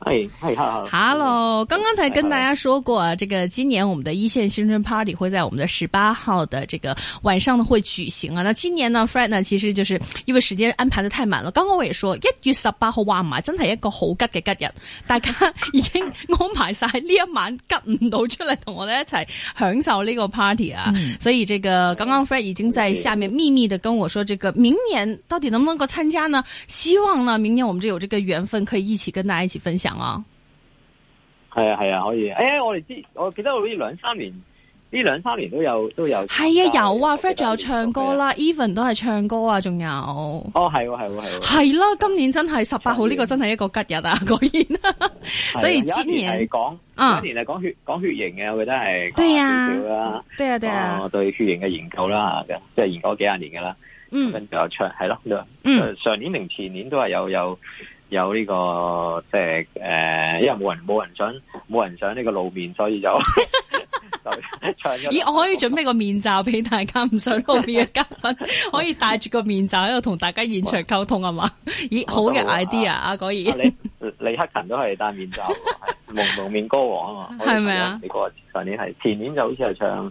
嗨嗨，好好 ，Hello，剛剛才跟大家說過、啊， 這個今年我們的一線新春 Party 會在我們的十八號的這個晚上呢會舉行啊。那今年呢，Fred 呢，其實就是因為時間安排的太滿了。剛剛我也說，一月十八號哇，唔係，真係一個好吉嘅吉日，大家已經安排晒呢一晚，吉唔到出嚟同我哋一齊享受呢個 Party 啊。嗯、所以這個剛剛 Fred 已經在下面秘密的跟我說，這個明年到底能不能夠參加呢？希望呢明年我們就有這個緣分，可以一起跟大家一起分享。啊，係啊係啊，可以誒，我哋知，我記得好似兩三年呢兩三年都有都有，係啊有啊，Fred 仲有唱歌啦，Even 都係唱歌啊，仲有，哦係喎係喎係喎，係咯，今年真係十八號，呢個真係一個吉日啊，果然，所以有一年係講，有一年係講血講血型嘅，我覺得係，對呀，對啊，對啊，對血型嘅研究啦，即係研究咗幾廿年噶啦，跟仲有唱，係咯，上年定前年都係有有。有呢，這個即係誒，因為冇人冇人想冇人想呢個露面，所以就 就唱咗。咦，我可以準備個面罩俾大家，唔想露面嘅嘉賓可以戴住個面罩喺度同大家現場溝通係嘛？ 嗎 咦，好嘅 idea，阿果兒，李李克勤都係戴面罩， 蒙蒙面歌王啊嘛，係咪啊？你嗰上年係前年就好似係唱。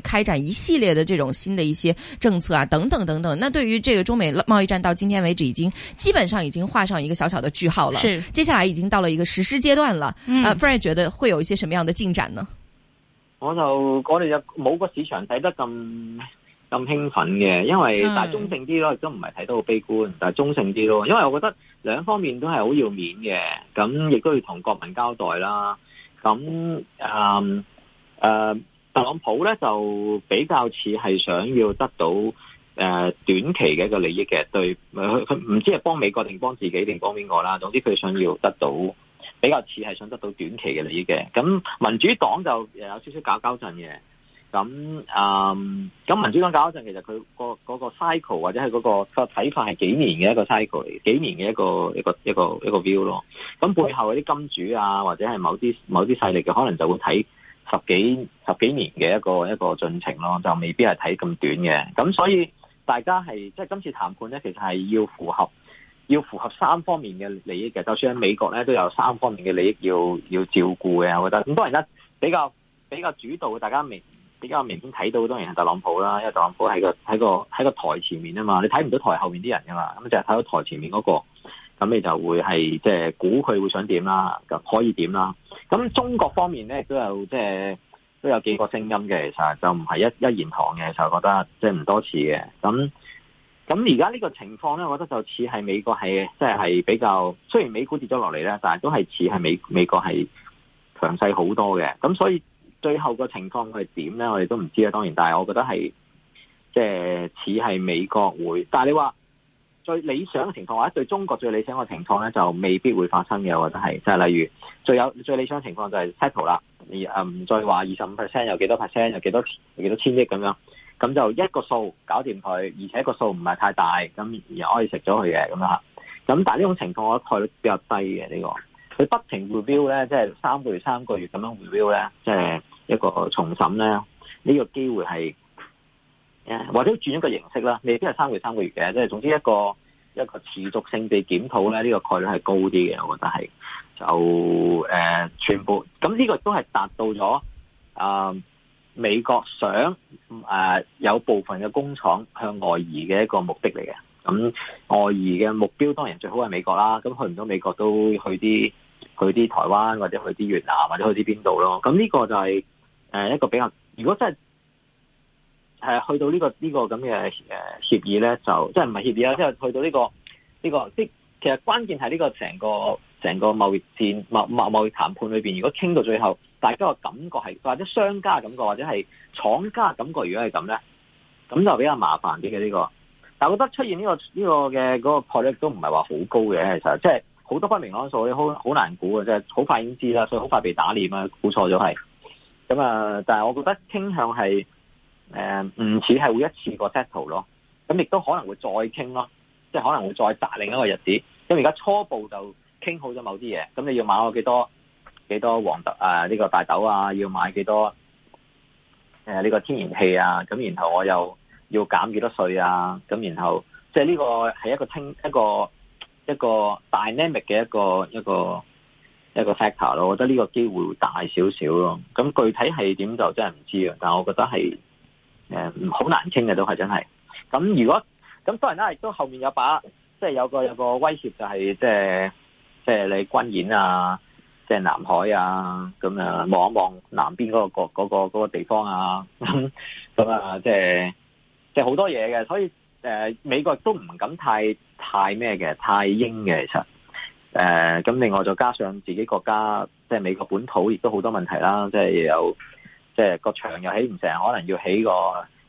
開展一系列的這種新的一些政策啊，等等等等。那對於這個中美貿易戰，到今天為止，已經基本上已經畫上一個小小的句號了。是，接下來已經到了一個實施階段了。嗯、啊，Frank 覺得會有一些什麼樣的進展呢？我就我哋就冇個市場睇得咁咁興奮嘅，因為、嗯、但係中性啲咯，亦都唔係睇得好悲觀，但係中性啲咯。因為我覺得兩方面都係好要面嘅，咁亦都要同國民交代啦。咁，嗯，誒、嗯。嗯特朗普咧就比較似係想要得到誒，呃、短期嘅一個利益嘅，對佢佢唔知係幫美國定幫自己定幫邊個啦。總之佢想要得到比較似係想得到短期嘅利益嘅。咁民主黨就有少少搞搞震嘅。咁啊咁民主黨搞搞震，其實佢個嗰個 cycle 或者係嗰，嗰個、嗰個睇法係幾年嘅一個 cycle，幾年嘅一個一個一個一個 view 咯。咁背後嗰啲金主啊，或者係某啲某啲勢力嘅，可能就會睇。十幾十幾年嘅一個一個進程咯，就未必係睇咁短嘅。咁所以大家係即係今次談判咧，其實係要符合要符合三方面嘅利益嘅。就算喺美國咧，都有三方面嘅利益要要照顧嘅。我覺得咁當然啦，比較比較主導，大家明比較明顯睇到，當然係特朗普啦。因為特朗普喺個喺個喺個台前面啊嘛，你睇唔到台後面啲人噶嘛，咁就係睇到台前面嗰個，咁你就會係即係估佢會想點啦，咁可以點啦。咁中國方面咧，都有即係都有幾個聲音嘅，其實就唔係一一言堂嘅，就覺得即係唔多似嘅。咁咁而家呢個情況咧，我覺得就似係美國係，即係係比較，雖然美股跌咗落嚟咧，但係都係似係美美國係強勢好多嘅。咁所以最後個情況係點咧，我哋都唔知呀。當然，但係我覺得係即係似係美國會。但係你話？最理想嘅情況或者對中國最理想嘅情況咧，就未必會發生嘅，我覺得係，即係例如最有最理想嘅情況就係 settle 啦，而誒唔再話二十五 percent 有幾多 percent 有幾多幾多千億咁樣，咁就一個數搞掂佢，而且個數唔係太大，咁而可以食咗佢嘅咁樣嚇。咁但係呢種情況，我覺得概率比較低嘅呢個，佢不停 review 咧，即係三個月三個月咁樣 review 咧，即係一個重審咧，呢個機會係。或者轉一個形式啦，未必係三個月三個月嘅，即係總之一個一個持續性地檢討咧，呢、這個概率係高啲嘅，我覺得係就誒、呃、全部咁呢個都係達到咗誒、呃、美國想、呃、有部分嘅工廠向外移嘅一個目的嚟嘅。咁外移嘅目標當然最好係美國啦，咁去唔到美國都去啲去啲台灣或者去啲越南或者去啲邊度咯。咁呢個就係誒一個比較，如果真係。係啊去到，這個這個，這呢個呢個咁嘅誒協議咧，就即係唔係協議啦，即，就，係，是，去到呢個呢個，即，這個，其實關鍵係呢個成個成個貿易戰貿貿貿易談判裏邊，如果傾到最後，大家個感覺係或者商家感覺，或者係廠家感覺，如果係咁咧，咁就比較麻煩啲嘅呢個。但係我覺得出現呢，這個呢，這個嘅嗰，那個概率都唔係話好高嘅，其實即係好多不明朗數，你好好難估嘅，即係好快已經知啦，所以好快被打臉啊，估錯咗係。咁啊，但係我覺得傾向係。誒，唔似係會一次過 settle 咯，咁亦都可能會再傾咯，即係可能會再擇另一個日子。因為而家初步就傾好咗某啲嘢，咁你要買我幾多幾多黃豆誒，呢、啊這個大豆啊，要買幾多誒，呢、啊這個天然氣啊，咁然後我又要減幾多稅啊，咁然後即係呢個係一個清一個一個 dynamic 嘅一個一個一個 factor 咯。我覺得呢個機會大少少咯。咁具體係點就真係唔知啊，但係我覺得係。誒，好、呃、難傾嘅都係真係。咁如果，咁當然啦，亦都後面有把，即係有個有個威脅就係、是，即係即係你軍演啊，即係南海啊，咁啊望一望南邊嗰、那個、那個、那個那個地方啊，咁啊即係即係好多嘢嘅。所以誒、呃，美國都唔敢太太咩嘅，太鷹嘅其實。誒、呃，咁另外再加上自己國家，即係美國本土亦都好多問題啦，即係有。即係個牆又起唔成，可能要起個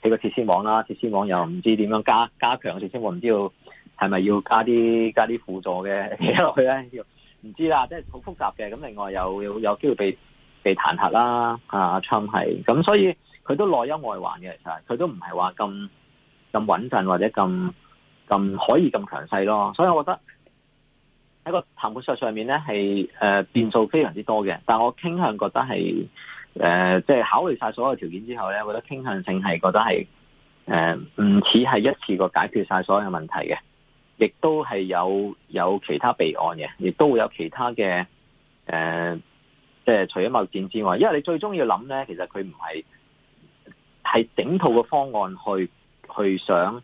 起個鐵絲網啦。鐵絲網又唔知點樣加加強鐵絲網，我唔知要，係咪要加啲加啲輔助嘅嘢落去咧？唔知啦，即係好複雜嘅。咁另外有有，有機會被被彈劾啦。啊，阿 Trump 係咁，所以佢都內憂外患嘅，其實佢都唔係話咁咁穩陣或者咁咁可以咁強勢咯。所以我覺得喺個談判桌上面咧係誒變數非常之多嘅，但我傾向覺得係。誒，即係、呃就是、考慮晒所有條件之後咧，我覺得傾向性係覺得係誒，唔似係一次過解決晒所有嘅問題嘅，亦都係有有其他備案嘅，亦都會有其他嘅誒，即、呃、係、就是、除咗貿易戰之外，因為你最終要諗咧，其實佢唔係係整套嘅方案去去想誒、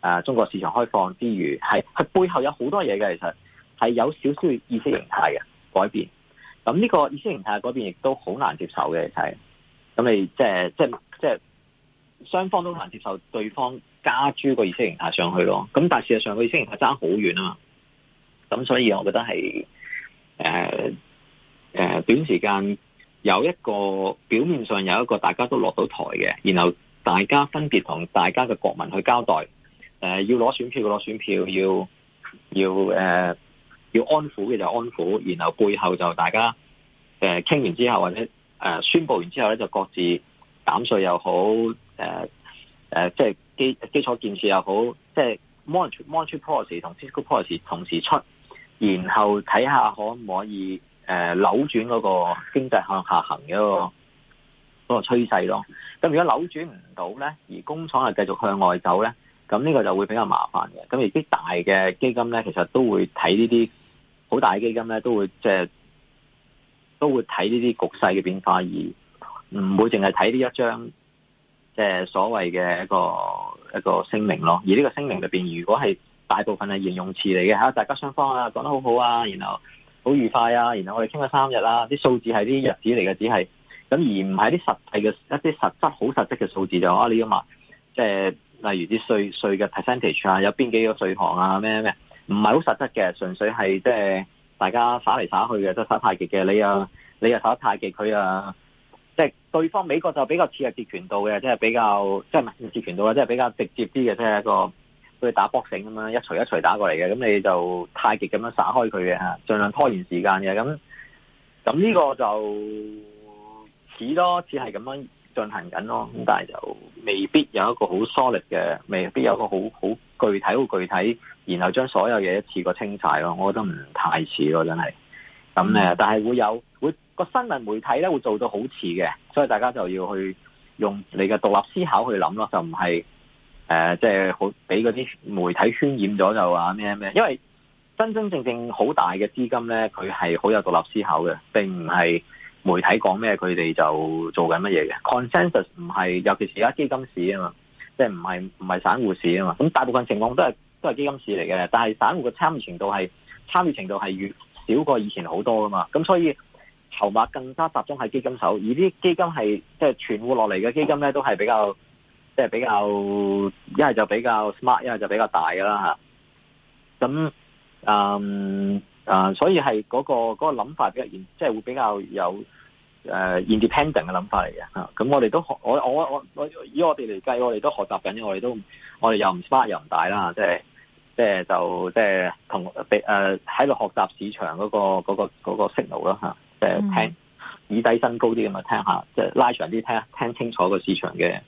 呃，中國市場開放之餘係係背後有好多嘢嘅，其實係有少少意識形態嘅改變。咁呢個意識形態嗰邊亦都好難接受嘅，係咁你即係即係即係雙方都難接受對方加諸個意識形態上去咯。咁但係事實上個意識形態爭好遠啊嘛。咁所以我覺得係誒、呃呃、短時間有一個表面上有一個大家都落到台嘅，然後大家分別同大家嘅國民去交代、呃、要攞選票嘅攞選票，要票要要、呃、要安撫嘅就安撫，然後背後就大家。誒，傾完之後或者誒、呃、宣布完之後咧，就各自減稅又好，誒、呃、誒、呃，即係基基礎建設又好，即係 monetary policy 同 fiscal policy 同時出，然後睇下可唔可以誒、呃、扭轉嗰個經濟向下行嘅嗰個嗰個趨勢咯。咁如果扭轉唔到咧，而工廠係繼續向外走咧，咁呢個就會比較麻煩嘅。咁而啲大嘅基金咧，其實都會睇呢啲好大嘅基金咧，都會即係。都會睇呢啲局勢嘅變化，而唔會淨係睇呢一張即係所謂嘅一個一個聲明咯。而呢個聲明裏邊，如果係大部分係形容詞嚟嘅吓，大家雙方啊講得好好啊，然後好愉快啊，然後我哋傾咗三日啦，啲數字係啲日子嚟嘅，只係咁，而唔係啲實際嘅一啲實質好實質嘅數字就啊你要嘛，即係例如啲稅稅嘅 percentage 啊，有邊幾個稅項啊，咩咩唔係好實質嘅，純粹係即係。就是大家耍嚟耍去嘅，都耍太極嘅。你啊，你啊耍太極，佢啊，即係對方美國就比較似係截拳道嘅，即係比較即係唔係截拳道啦，即係比較直接啲嘅，即係一個好似打 boxing 咁樣一錘一錘打過嚟嘅，咁你就太極咁樣耍開佢嘅吓，盡量拖延時間嘅。咁咁呢個就似多似係咁樣進行緊咯，咁但係就未必有一個好 solid 嘅，未必有一個好好。具體會具體，然後將所有嘢一次過清晒咯，我覺得唔太似咯，真係咁咧。但係會有會個新聞媒體咧會做到好似嘅，所以大家就要去用你嘅獨立思考去諗咯，就唔係誒，即係好俾嗰啲媒體渲染咗就話咩咩。因為真真正正好大嘅資金咧，佢係好有獨立思考嘅，並唔係媒體講咩，佢哋就做緊乜嘢嘅。Consensus 唔係，尤其是而家基金市啊嘛。即係唔係唔係散戶市啊嘛，咁大部分情況都係都係基金市嚟嘅，但係散戶嘅參與程度係參與程度係越少過以前好多噶嘛，咁所以籌碼更加集中喺基金手，而啲基金係即係存活落嚟嘅基金咧，都係比較即係、即係、比較一係就比較 smart，一係就比較大噶啦吓。咁嗯啊、呃，所以係嗰、嗰個嗰、嗰個諗法比較嚴，即、即、係、係、會比較有。誒、uh，independent 嘅諗法嚟嘅吓，咁、uh, 我哋都，都學，我我我我以我哋嚟計，我哋都學習緊嘅，我哋都我哋又唔 spark 又唔大啦，即係即係就即係同誒喺度學習市場嗰、那個嗰、那個嗰、那個、uh, signal 咯吓，即係聽以低身高啲咁嘛聽下，即係拉長啲聽下，聽清楚個市場嘅嗰、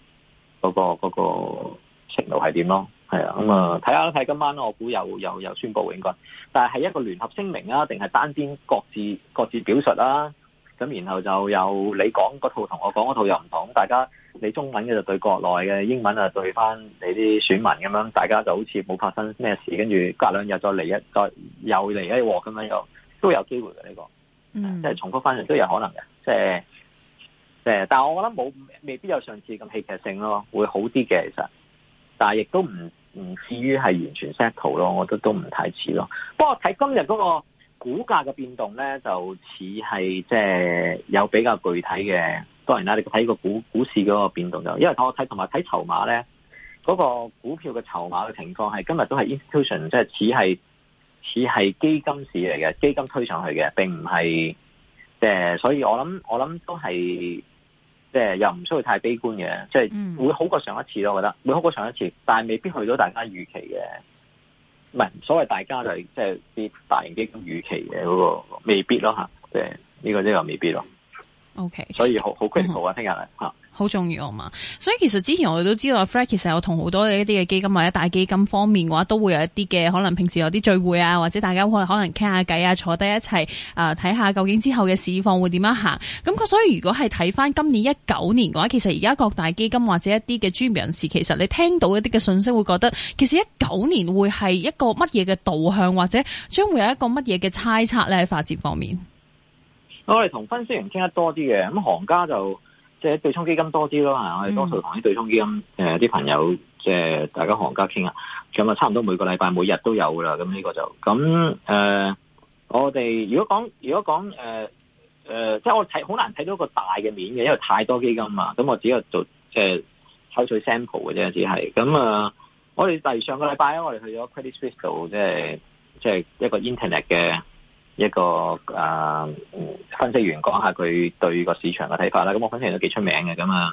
那個嗰、那個、嗯、signal 係點咯，係啊，咁啊睇下睇今晚我估又有有，有宣布應該，但係係一個聯合聲明啊，定係單邊各自各自表述啦、啊？咁然後就有你講嗰套，同我講嗰套又唔同。大家你中文嘅就對國內嘅，英文啊對翻你啲選民咁樣。大家就好似冇發生咩事，跟住隔兩日再嚟一，再又嚟一鑊咁樣，又都有機會嘅呢個，嗯，即係重複翻嚟都有可能嘅，即係即係。但係我覺得冇未必有上次咁戲劇性咯，會好啲嘅其實，但係亦都唔唔至於係完全 settle 咯，我都都唔太似咯。不過睇今日嗰個。股價嘅變動咧，就似係即係有比較具體嘅。當然啦，你睇個股股市嗰個變動就，因為我睇同埋睇籌碼咧，嗰個股票嘅籌碼嘅情況係今日都係 institution，即係似係似係基金市嚟嘅，基金推上去嘅，並唔係，誒、即係，所以我諗我諗都係，即係又唔需要太悲觀嘅，即係會好過上一次咯。我覺得會好過上一次，但係未必去到大家預期嘅。唔係，所謂大家就係即係啲大型基金預期嘅嗰個未必咯吓，即係呢個呢個未必咯。OK，所以好好 close 我聽日嚟嚇。好重要啊嘛！所以其實之前我哋都知道 Frank 其實有同好多一啲嘅基金或者大基金方面嘅話，都會有一啲嘅，可能平時有啲聚會啊，或者大家可能可能傾下偈啊，坐低一齊啊，睇、呃、下究竟之後嘅市況會點樣行。咁所以如果係睇翻今年一九年嘅話，其實而家各大基金或者一啲嘅專業人士，其實你聽到一啲嘅信息，會覺得其實一九年會係一個乜嘢嘅導向，或者將會有一個乜嘢嘅猜測咧？喺發展方面，我哋同分析員傾得多啲嘅，咁行家就。即係對沖基金多啲咯，我哋多數同啲對沖基金誒啲朋友，即係、嗯、大家行家傾啊，咁啊，差唔多每個禮拜每日都有噶啦，咁呢個就咁誒、呃，我哋如果講如果講誒誒，即係我睇好難睇到個大嘅面嘅，因為太多基金啊，咁我只有做即係、就是、抽取 sample 嘅啫，只係咁啊，我哋例如上個禮拜啊，我哋去咗 Credit Crystal 即係即係一個 internet 嘅。一個誒、呃、分析員講下佢對個市場嘅睇法啦，咁我分析員都幾出名嘅咁啊，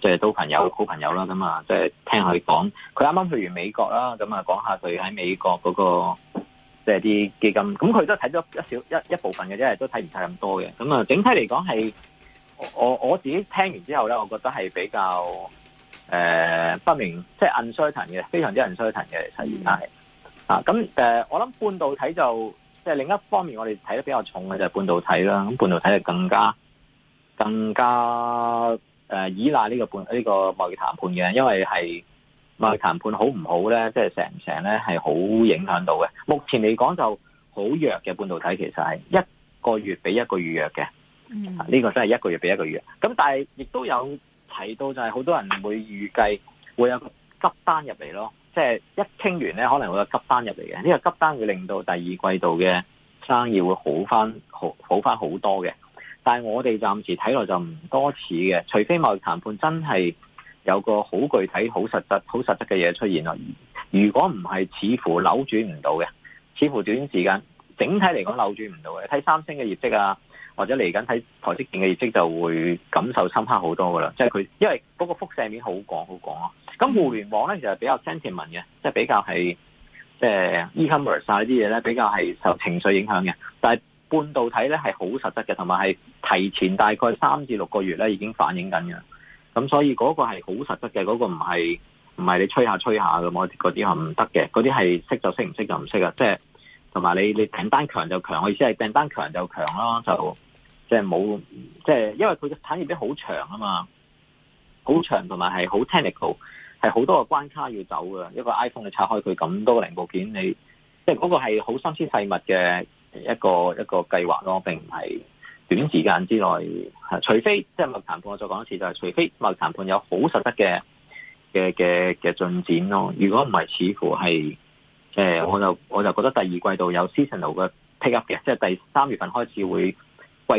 即係都朋友好朋友啦，咁啊，即係聽佢講，佢啱啱去完美國啦，咁啊講下佢喺美國嗰、那個即係啲基金，咁佢都睇咗一小一一部分嘅，即係都睇唔晒咁多嘅，咁啊，整體嚟講係我我自己聽完之後咧，我覺得係比較誒、呃、不明，即係暗衰 n 嘅，非常之暗衰騰嘅態勢啊，咁誒、呃、我諗半導體就。即係另一方面，我哋睇得比較重嘅就係半導體啦。咁半導體係更加更加誒依賴呢個半呢個貿易談判嘅，因為係貿易談判好唔好咧，即係成唔成咧，係好影響到嘅。目前嚟講就好弱嘅半導體，其實係一個月比一個月弱嘅。嗯，呢個真係一個月比一個月弱。咁但係亦都有提到，就係好多人會預計會有急單入嚟咯。即係一傾完咧，可能會有急單入嚟嘅，呢個急單會令到第二季度嘅生意會好翻，好好翻好多嘅。但係我哋暫時睇落就唔多似嘅，除非貿易談判真係有個好具體、好實質、好實質嘅嘢出現咯。如果唔係，似乎扭轉唔到嘅，似乎短時間整體嚟講扭轉唔到嘅。睇三星嘅業績啊，或者嚟緊睇台積電嘅業績就會感受深刻好多噶啦。即係佢因為嗰個輻射面好廣，好廣啊。咁互聯網咧其實比較 sentiment 嘅，即係比較係即係 e-commerce 啊啲嘢咧比較係受情緒影響嘅。但係半導體咧係好實質嘅，同埋係提前大概三至六個月咧已經反映緊嘅。咁所以嗰個係好實質嘅，嗰個唔係唔係你吹下吹下咁啊，嗰啲係唔得嘅，嗰啲係識就識，唔識就唔識啊！即係同埋你你訂單強就強，我意思係訂單強就強咯，就即係冇即係因為佢嘅產業鏈好長啊嘛，好長同埋係好 technical。係好多個關卡要走嘅，一個 iPhone 你拆開佢咁多零部件，你即係嗰個係好心思細密嘅一個一個計劃咯，並唔係短時間之內。除非即係貿談判，我再講一次，就係除非貿談判有好實質嘅嘅嘅嘅進展咯。如果唔係，似乎係誒，我就我就覺得第二季度有 seasonal 嘅 pick up 嘅，即係第三月份開始會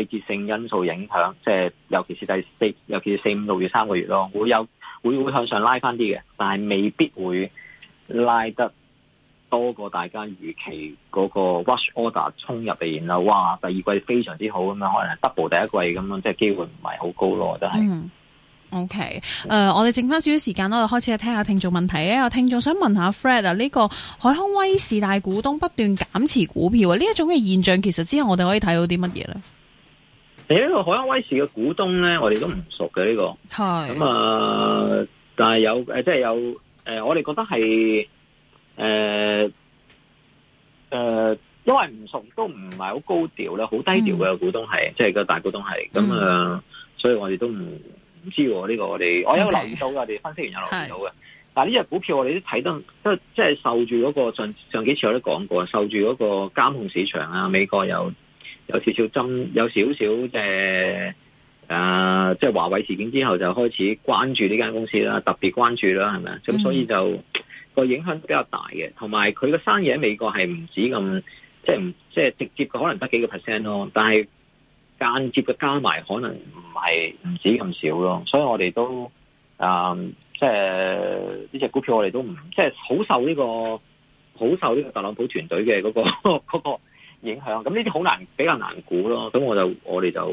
季節性因素影響，即係尤其是第四，尤其是四五六月三個月咯，會有。會會向上拉翻啲嘅，但係未必會拉得多過大家預期嗰個 wash order 衝入嚟然後哇第二季非常之好咁樣，可能係 double 第一季咁樣，即係機會唔係好高咯，真係。OK，誒，我哋剩翻少少時間啦，我哋開始去聽下聽眾問題咧。我聽眾想問下 Fred 啊，呢個海康威視大股東不斷減持股票啊，呢一種嘅現象，其實之後我哋可以睇到啲乜嘢咧？你呢個海安威視嘅股東咧，我哋都唔熟嘅呢、這個。係咁啊，但係有誒，即、呃、係、就是、有誒、呃，我哋覺得係誒誒，因為唔熟都唔係好高調咧，好低調嘅、嗯、股東係，即係個大股東係。咁啊、嗯嗯，所以我哋都唔唔知喎呢、這個我們，我哋我有留意到嘅，我哋 Okay. 分析員有留意到嘅。是但係呢隻股票我哋都睇得即係即係受住嗰、那個上上幾次我都講過，受住嗰個監控市場啊，美國有。有少少針，有少少嘅啊，即係華為事件之後就開始關注呢間公司啦，特別關注啦，係咪？咁、嗯嗯、所以就個影響都比較大嘅，同埋佢嘅生意喺美國係唔止咁，即係唔即係直接嘅可能得幾個 percent 咯，但係間接嘅加埋可能唔係唔止咁少咯，所以我哋都啊、呃，即係呢隻股票我哋都唔即係好受呢、這個好受呢個特朗普團隊嘅嗰個嗰個。呵呵影響咁呢啲好難，比較難估咯。咁我就我哋就，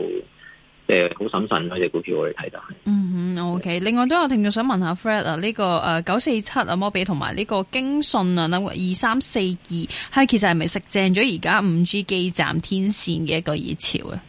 即係好審慎，嗰隻股票我哋睇就係。嗯哼是，OK。另外都有聽眾想問下 Fred 啊、這個，呢個誒九四七啊摩比同埋呢個京信啊 number 二三四二，係其實係咪食正咗而家五 G 基站天線嘅一個熱潮啊？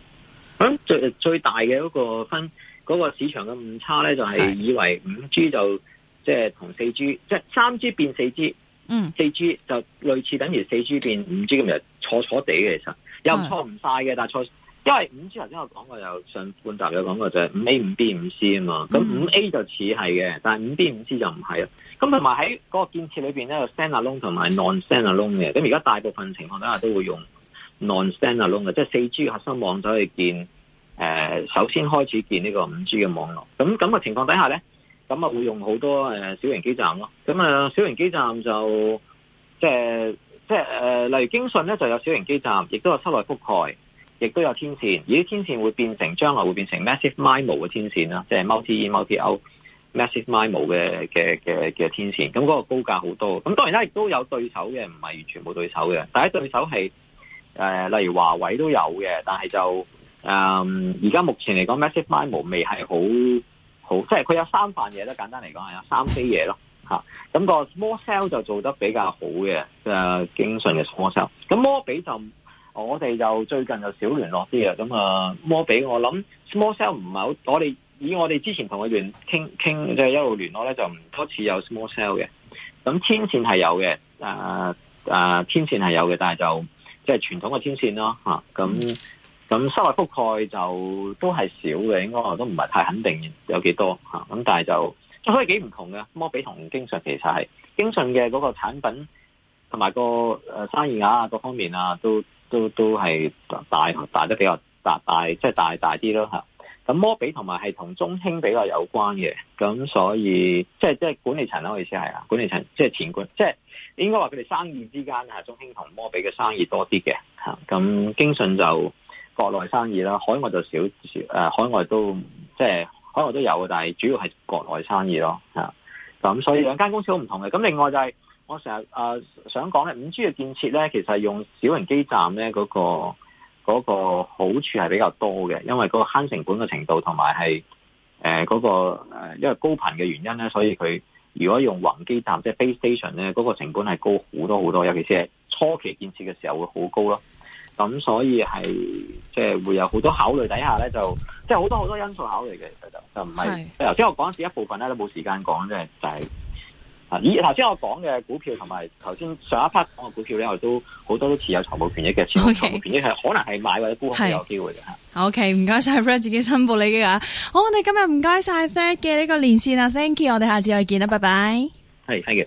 咁最最大嘅嗰個分嗰、那個市場嘅誤差咧，就係、是、以為五 G 就即係同四 G 即係三 G 變四 G。嗯，四 G 就類似等於四 G 變五 G 咁，就錯錯地嘅，其實坐坐又錯唔晒，嘅，但係錯，因為五 G 頭先我講過又上半集有講過就係五 A 五 B 五 C 啊嘛，咁五、嗯、A 就似係嘅，但係五 B 五 C 就唔係啊。咁同埋喺嗰個建設裏邊咧，stand alone 同埋 non stand alone 嘅，咁而家大部分情況底下都會用 non stand alone 嘅，即係四 G 核心網走去建，誒、呃，首先開始建呢個五 G 嘅網絡。咁咁嘅情況底下咧？咁啊，會用好多誒小型基站咯。咁啊，小型基站就即係即係誒例如京信咧就有小型基站，亦都有室內覆蓋，亦都有天線。而啲天線會變成將來會變成 massive MIMO 嘅天線啦，即係 multi multi O、massive MIMO 嘅嘅嘅嘅天線。咁、就、嗰、是、個高價好多。咁當然啦，亦都有對手嘅，唔係完全冇對手嘅。第一對手係誒、呃，例如華為都有嘅，但係就誒而家目前嚟講，massive MIMO 未係好。好，即係佢有三份嘢咯，簡單嚟講係有三堆嘢咯，吓、啊、咁、那個 small cell 就做得比較好嘅，誒、啊，經常嘅 small cell，咁摩比就我哋就最近就少聯絡啲、uh, 就是、啊，咁啊摩比我諗 small cell 唔係好，我哋以我哋之前同佢聯傾傾，即係一路聯絡咧就唔多似有 small cell 嘅，咁天線係有嘅，誒誒，天線係有嘅，但係就即係傳統嘅天線咯，吓、啊、咁。咁收入覆蓋就都係少嘅，應該我都唔係太肯定有幾多吓，咁、嗯、但係就所以幾唔同嘅。摩比同京信其實係京信嘅嗰個產品同埋個誒生意額啊各方面啊，都都都係大大得比較大大即係、就是、大大啲咯，咁摩比同埋係同中興比較有關嘅，咁、嗯、所以即係即係管理層咯，我意思係啊，管理層即係、就是、前管即係應該話佢哋生意之間中興同摩比嘅生意多啲嘅，咁京信就國內生意啦，海外就少少、呃，海外都即係海外都有嘅，但係主要係國內生意咯。咁所以兩間公司好唔同嘅。咁另外就係、是、我成日、呃、想講咧，五 G 嘅建設咧，其實是用小型基站咧，嗰、嗰個嗰、嗰個好處係比較多嘅，因為嗰個慳成本嘅程度同埋係誒嗰個、呃、因為高頻嘅原因咧，所以佢如果用宏基站即係、就是、base station 咧，嗰、嗰個成本係高好多好多，尤其是係初期建設嘅時候會好高咯。咁、嗯、所以係即係會有好多考慮底下咧，就即係好多好多因素考慮嘅，其實就就唔係頭先我講只一部分咧，都冇時間講咧，就係、是、啊，咦頭先我講嘅股票同埋頭先上一 part 講嘅股票咧，我都好多都持有財務權益嘅，持有財務權益係 Okay. 可能係買或者沽都有機會嘅吓。OK，唔該晒 Fred，自己申報利益啊。好，我哋今日唔該晒 Fred 嘅呢個連線啊，Thank you，我哋下次再見啦，拜拜。係，Thank you。